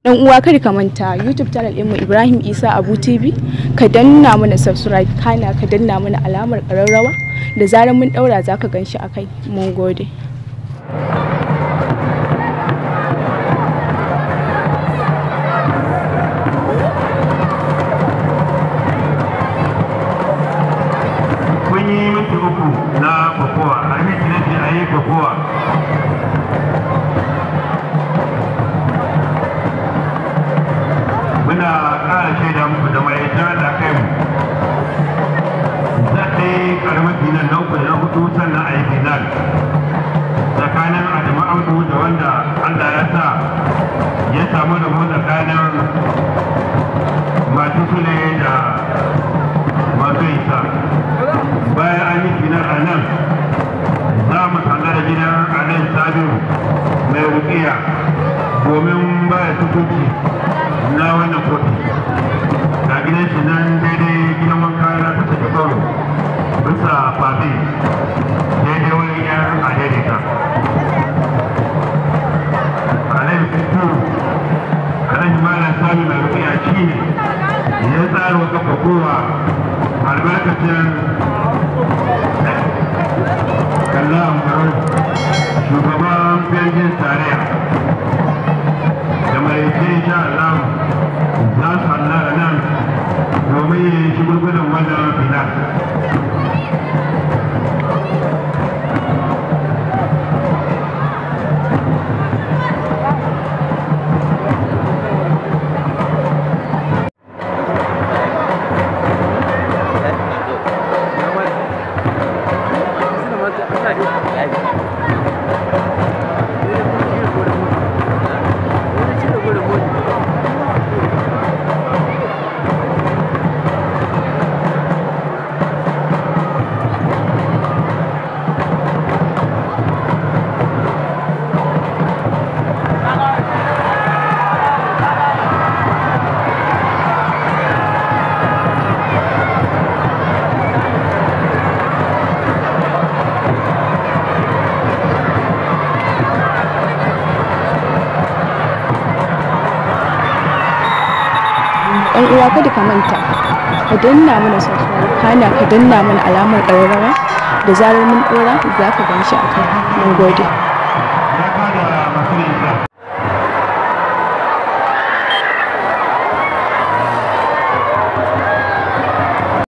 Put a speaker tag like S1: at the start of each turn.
S1: dan uwa kar ka manta youtube channel mu ibrahim isa abu tv ka danna mana subscribe kana ka danna mana alamar ƙararrawa da zarar mun daura zaka ka akai, shi a kai mun gode na kokowa a yi a yi kokowa gama final na uku na hudu sannan a yi final tsakanin adamu audu da wanda allah ya sa ya samu mu tsakanin masu sule da masu isa bayan an yi final a nan za mu sanda da gidan anan sabi mai rukiya domin baya tukuki na wannan kotu ga gidan shi nan shi ne ya tsaro kafa kowa albarkacin kallon garin shugaban birgin tarayya da mai ke Allah za su hallara nan domin yi shi gurgudan wannan filar dan uwa kada ka manta ka danna mana subscribe kana ka danna mana alamar ƙararrawa da zarar mun ɗora za ka gan shi a kai mun gode